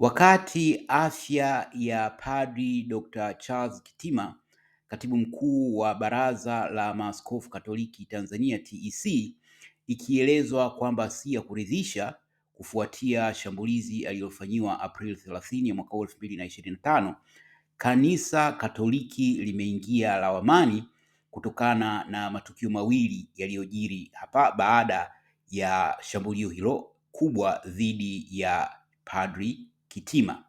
Wakati afya ya Padri Dr. Charles Kitima, Katibu Mkuu wa Baraza la Maaskofu Katoliki Tanzania TEC, ikielezwa kwamba si ya kuridhisha kufuatia shambulizi aliyofanyiwa Aprili 30 mwaka 2025, Kanisa Katoliki limeingia lawamani kutokana na matukio mawili yaliyojiri hapa baada ya shambulio hilo kubwa dhidi ya Padri Kitima.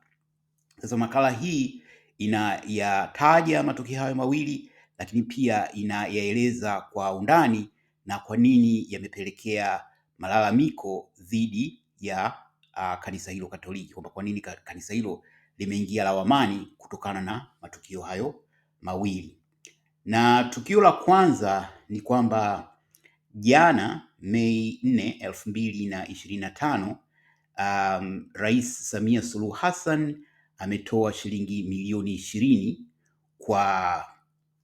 Sasa makala hii inayataja matukio hayo mawili lakini pia inayaeleza kwa undani na kwa nini yamepelekea malalamiko dhidi ya uh, kanisa hilo Katoliki, kwamba kwa nini kanisa hilo limeingia lawamani kutokana na matukio hayo mawili. Na tukio la kwanza ni kwamba jana Mei nne elfu mbili na ishirini na tano um, Rais Samia Suluhu Hassan ametoa shilingi milioni ishirini kwa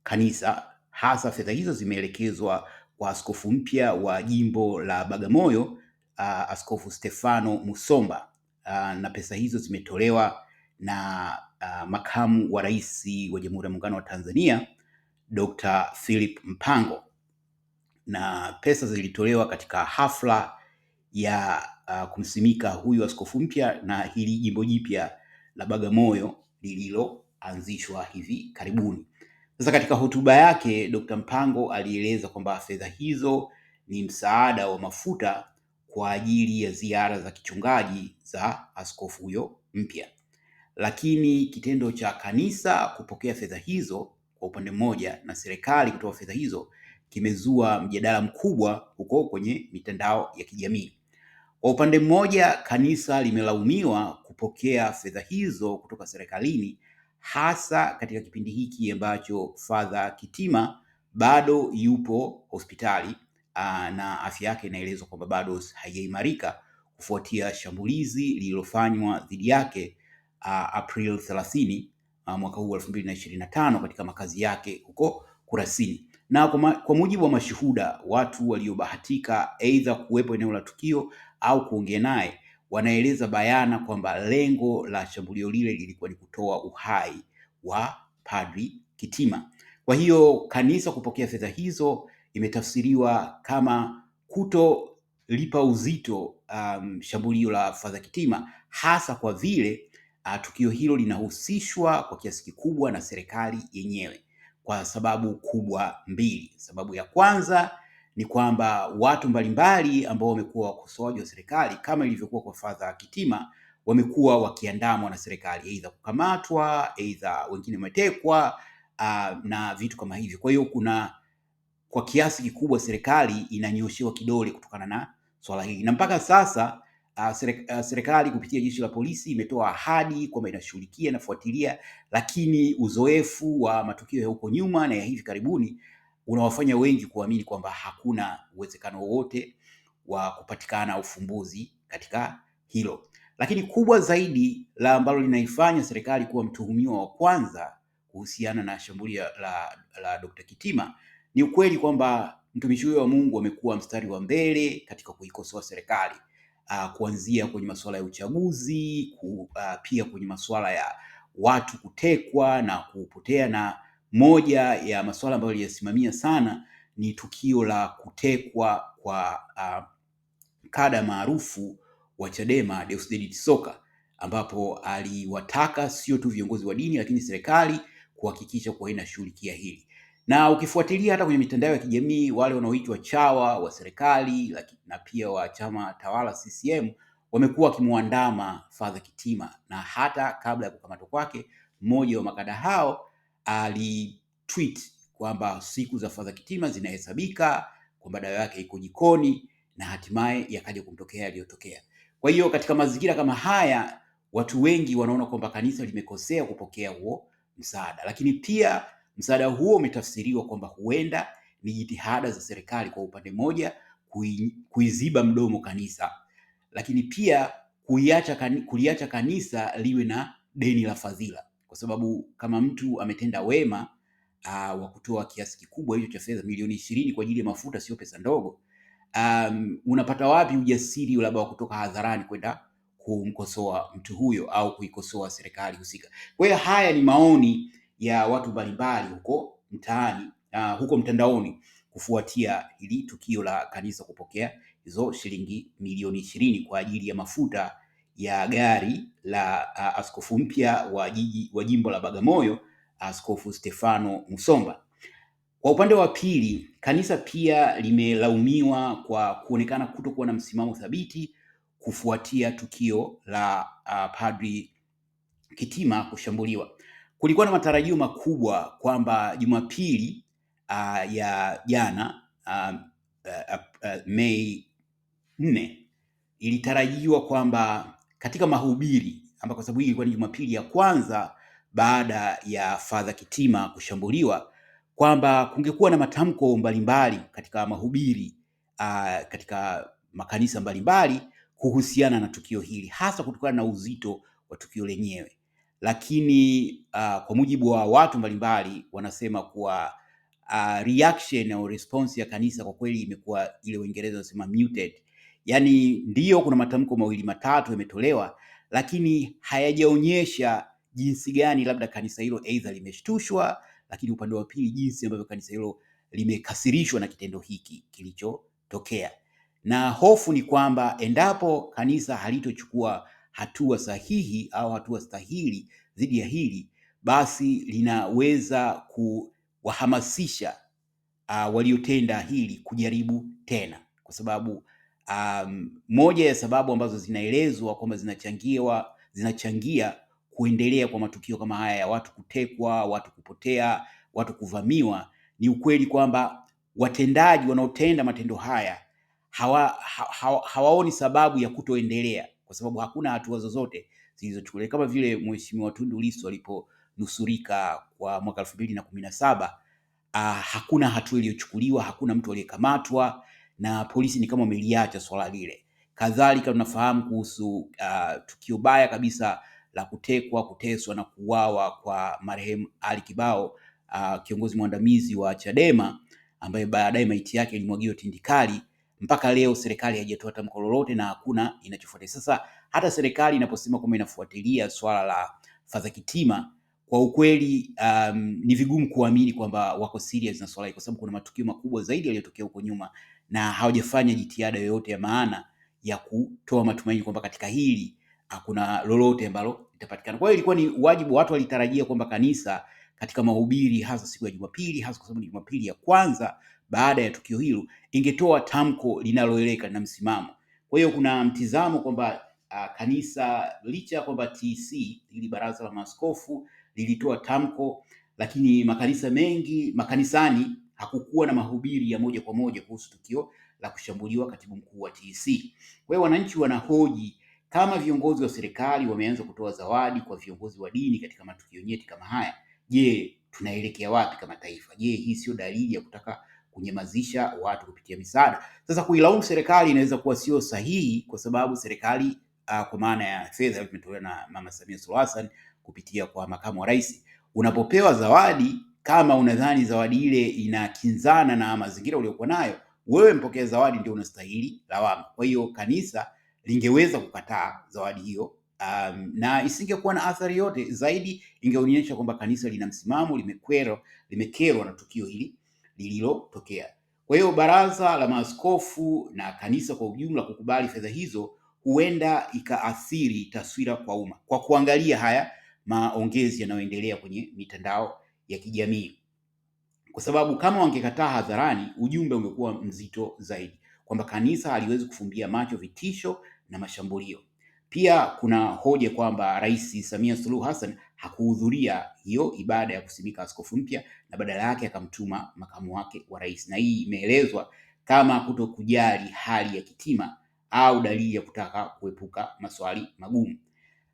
kanisa. Hasa fedha hizo zimeelekezwa kwa askofu mpya wa jimbo la Bagamoyo, uh, Askofu Stefano Musomba, uh, na pesa hizo zimetolewa na uh, makamu wa rais wa Jamhuri ya Muungano wa Tanzania Dr. Philip Mpango, na pesa zilitolewa katika hafla ya uh, kumsimika huyu askofu mpya na hili jimbo jipya la Bagamoyo lililoanzishwa hivi karibuni. Sasa katika hotuba yake Dr. Mpango alieleza kwamba fedha hizo ni msaada wa mafuta kwa ajili ya ziara za kichungaji za askofu huyo mpya, lakini kitendo cha kanisa kupokea fedha hizo kwa upande mmoja na serikali kutoa fedha hizo kimezua mjadala mkubwa huko kwenye mitandao ya kijamii. Kwa upande mmoja, kanisa limelaumiwa kupokea fedha hizo kutoka serikalini, hasa katika kipindi hiki ambacho Father Kitima bado yupo hospitali na afya yake inaelezwa kwamba bado haijaimarika kufuatia shambulizi lililofanywa dhidi yake April 30 mwaka huu 2025 katika makazi yake huko Kurasini na kwa, ma, kwa mujibu wa mashuhuda, watu waliobahatika aidha kuwepo eneo la tukio au kuongea naye wanaeleza bayana kwamba lengo la shambulio lile lilikuwa ni kutoa uhai wa Padri Kitima. Kwa hiyo kanisa kupokea fedha hizo imetafsiriwa kama kutolipa uzito um, shambulio la Padri Kitima hasa kwa vile uh, tukio hilo linahusishwa kwa kiasi kikubwa na serikali yenyewe kwa sababu kubwa mbili. Sababu ya kwanza ni kwamba watu mbalimbali ambao wamekuwa wakosoaji wa serikali kama ilivyokuwa kwa Fadha Kitima wamekuwa wakiandamwa na serikali, aidha kukamatwa, aidha wengine wametekwa ah, na vitu kama hivyo. Kwa hiyo kuna kwa kiasi kikubwa serikali inanyoshewa kidole kutokana na swala hili, na mpaka sasa uh, serikali kupitia jeshi la polisi imetoa ahadi kwamba inashughulikia, inafuatilia, lakini uzoefu wa matukio ya huko nyuma na ya hivi karibuni unawafanya wengi kuamini kwamba hakuna uwezekano wowote wa kupatikana ufumbuzi katika hilo. Lakini kubwa zaidi la ambalo linaifanya serikali kuwa mtuhumiwa wa kwanza kuhusiana na shambulio la, la Dr. Kitima ni ukweli kwamba mtumishi huyo wa Mungu amekuwa mstari wa mbele katika kuikosoa serikali uh, kuanzia kwenye masuala ya uchaguzi ku, uh, pia kwenye masuala ya watu kutekwa na kupotea, na moja ya masuala ambayo aliyasimamia sana ni tukio la kutekwa kwa uh, kada maarufu wa Chadema Deusdedith Soka, ambapo aliwataka sio tu viongozi wa dini lakini serikali kuhakikisha kuwa inashughulikia hili na ukifuatilia hata kwenye mitandao ya kijamii wale wanaoitwa chawa wa serikali na pia wa chama tawala CCM wamekuwa wakimwandama Father Kitima, na hata kabla ya kukamatwa kwake mmoja wa makada hao alitweet kwamba siku za Father Kitima zinahesabika, kwamba dawa yake iko jikoni, na hatimaye yakaja kumtokea yaliyotokea. Kwa hiyo katika mazingira kama haya, watu wengi wanaona kwamba kanisa limekosea kupokea huo msaada, lakini pia Msaada huo umetafsiriwa kwamba huenda ni jitihada za serikali kwa upande mmoja kuiziba mdomo kanisa, lakini pia kuliacha kanisa, kanisa liwe na deni la fadhila, kwa sababu kama mtu ametenda wema wa kutoa kiasi kikubwa hicho cha fedha milioni ishirini kwa ajili ya mafuta, sio pesa ndogo. Um, unapata wapi ujasiri labda wa kutoka hadharani kwenda kumkosoa mtu huyo au kuikosoa serikali husika? Kwa hiyo haya ni maoni ya watu mbalimbali huko mtaani uh, huko mtandaoni kufuatia hili tukio la kanisa kupokea hizo shilingi milioni ishirini kwa ajili ya mafuta ya gari la uh, askofu mpya wa jiji wa jimbo la Bagamoyo Askofu Stefano Musomba. Kwa upande wa pili, kanisa pia limelaumiwa kwa kuonekana kutokuwa na msimamo thabiti kufuatia tukio la uh, Padri Kitima kushambuliwa kulikuwa na matarajio makubwa kwamba Jumapili uh, ya jana uh, uh, uh, Mei nne ilitarajiwa kwamba katika mahubiri amba, kwa sababu hii ilikuwa ni Jumapili ya kwanza baada ya Father Kitima kushambuliwa, kwamba kungekuwa na matamko mbalimbali katika mahubiri uh, katika makanisa mbalimbali kuhusiana na tukio hili, hasa kutokana na uzito wa tukio lenyewe lakini uh, kwa mujibu wa watu mbalimbali wanasema kuwa uh, reaction au response ya kanisa kwa kweli imekuwa ile Uingereza wanasema muted, yaani ndiyo kuna matamko mawili matatu yametolewa, lakini hayajaonyesha jinsi gani labda kanisa hilo aidha limeshtushwa, lakini upande wa pili jinsi ambavyo kanisa hilo limekasirishwa na kitendo hiki kilichotokea, na hofu ni kwamba endapo kanisa halitochukua hatua sahihi au hatua stahili dhidi ya hili, basi linaweza kuwahamasisha uh, waliotenda hili kujaribu tena, kwa sababu um, moja ya sababu ambazo zinaelezwa kwamba zinachangiwa zinachangia kuendelea kwa matukio kama haya ya watu kutekwa, watu kupotea, watu kuvamiwa ni ukweli kwamba watendaji wanaotenda matendo haya hawa, ha, ha, hawaoni sababu ya kutoendelea kwa sababu hakuna hatua zozote zilizochukuliwa, kama vile Mheshimiwa Tundu Lissu aliponusurika kwa mwaka elfu mbili na kumi na saba. Uh, hakuna hatua iliyochukuliwa, hakuna mtu aliyekamatwa na polisi ni kama wameliacha swala lile. Kadhalika tunafahamu kuhusu uh, tukio baya kabisa la kutekwa, kuteswa na kuuawa kwa marehemu Ali Kibao uh, kiongozi mwandamizi wa Chadema ambaye baadaye maiti yake ilimwagiwa tindikali mpaka leo serikali haijatoa tamko lolote na hakuna inachofuatia. Sasa hata serikali inaposema kwamba inafuatilia swala la Fadha Kitima, kwa ukweli um, ni vigumu kuamini kwamba wako serious na swala hili, kwa sababu kuna matukio makubwa zaidi yaliyotokea huko nyuma na hawajafanya jitihada yoyote ya maana ya kutoa matumaini kwamba katika hili hakuna lolote ambalo litapatikana. Kwa hiyo ilikuwa ni wajibu, watu walitarajia kwamba kanisa katika mahubiri hasa siku ya Jumapili, hasa kwa sababu ni Jumapili ya kwanza baada ya tukio hilo ingetoa tamko linaloeleka na msimamo. Kwa hiyo kuna mtizamo kwamba uh, kanisa licha kwamba TC ili baraza la maaskofu lilitoa tamko, lakini makanisa mengi makanisani hakukuwa na mahubiri ya moja kwa moja kuhusu tukio la kushambuliwa katibu mkuu wa TC. Kwa hiyo wananchi wanahoji kama viongozi wa serikali wameanza kutoa zawadi kwa viongozi wa dini katika matukio nyeti kama haya, je, tunaelekea wapi kama taifa? Je, hii sio dalili ya kutaka kunyamazisha watu kupitia misaada. Sasa kuilaumu serikali inaweza kuwa sio sahihi, kwa sababu serikali uh, kwa maana ya fedha imetolewa na Mama Samia Suluhu Hassan kupitia kwa makamu wa rais. Unapopewa zawadi, kama unadhani zawadi ile inakinzana na mazingira uliokuwa nayo, wewe mpokea zawadi ndio unastahili lawama. Kwa hiyo kanisa lingeweza kukataa zawadi hiyo. Um, na isingekuwa na athari yote zaidi, ingeonyesha kwamba kanisa lina msimamo, limekerwa na tukio hili lililotokea. Kwa hiyo baraza la maaskofu na kanisa kwa ujumla kukubali fedha hizo huenda ikaathiri taswira kwa umma kwa kuangalia haya maongezi yanayoendelea kwenye mitandao ya kijamii, kwa sababu kama wangekataa hadharani, ujumbe ungekuwa mzito zaidi kwamba kanisa haliwezi kufumbia macho vitisho na mashambulio. Pia kuna hoja kwamba Rais Samia Suluhu Hassan hakuhudhuria hiyo ibada ya kusimika askofu mpya na badala yake akamtuma makamu wake wa rais, na hii imeelezwa kama kutokujali hali ya Kitima au dalili ya kutaka kuepuka maswali magumu.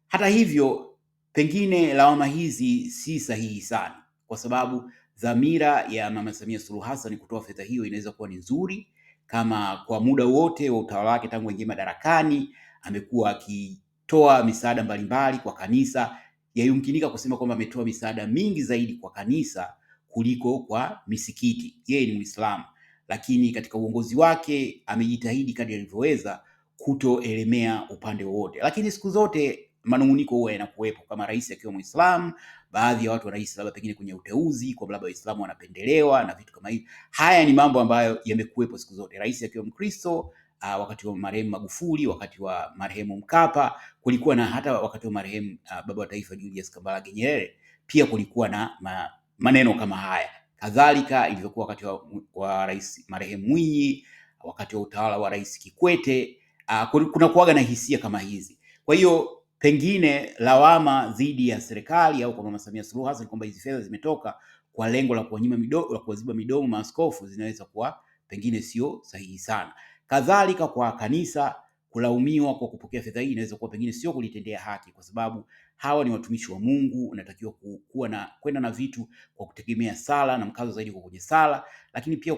Hata hivyo, pengine lawama hizi si sahihi sana, kwa sababu dhamira ya Mama Samia Suluhu Hassan kutoa fedha hiyo inaweza kuwa ni nzuri, kama kwa muda wote wa utawala wake tangu aingie madarakani amekuwa akitoa misaada mbalimbali kwa kanisa yayumkinika kusema kwamba ametoa misaada mingi zaidi kwa kanisa kuliko kwa misikiti. Yeye ni Muislamu, lakini katika uongozi wake amejitahidi kadri alivyoweza kutoelemea upande wowote, lakini siku zote manunguniko huwa yanakuwepo, kama rais akiwa Muislamu, baadhi ya watu wanahisi labda pengine kwenye uteuzi kwa labda Waislamu wanapendelewa na vitu kama hivi Haya ni mambo ambayo yamekuwepo siku zote, rais akiwa Mkristo uh, wakati wa marehemu Magufuli, wakati wa marehemu Mkapa, kulikuwa na hata wakati wa marehemu uh, baba wa taifa Julius Kambarage Nyerere pia kulikuwa na ma, maneno kama haya, kadhalika ilivyokuwa wakati wa, wa rais marehemu Mwinyi, wakati wa utawala wa rais Kikwete ah, uh, kuna kuaga na hisia kama hizi. Kwa hiyo pengine lawama dhidi ya serikali au kwa mama Samia Suluhu Hassan kwamba hizi fedha zimetoka kwa lengo la kuwanyima midomo, la kuwaziba midomo maaskofu zinaweza kuwa pengine sio sahihi sana. Kadhalika kwa kanisa kulaumiwa kwa kupokea fedha hii inaweza kuwa pengine sio kulitendea haki, kwa sababu hawa ni watumishi wa Mungu. Unatakiwa kuwa na kwenda na vitu kwa kutegemea sala na mkazo zaidi kwa kwenye sala, lakini pia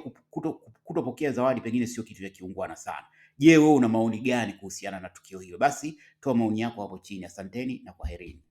kutopokea zawadi pengine sio kitu cha kiungwana sana. Je, wewe una maoni gani kuhusiana na tukio hilo? Basi toa maoni yako hapo chini. Asanteni na kwaherini.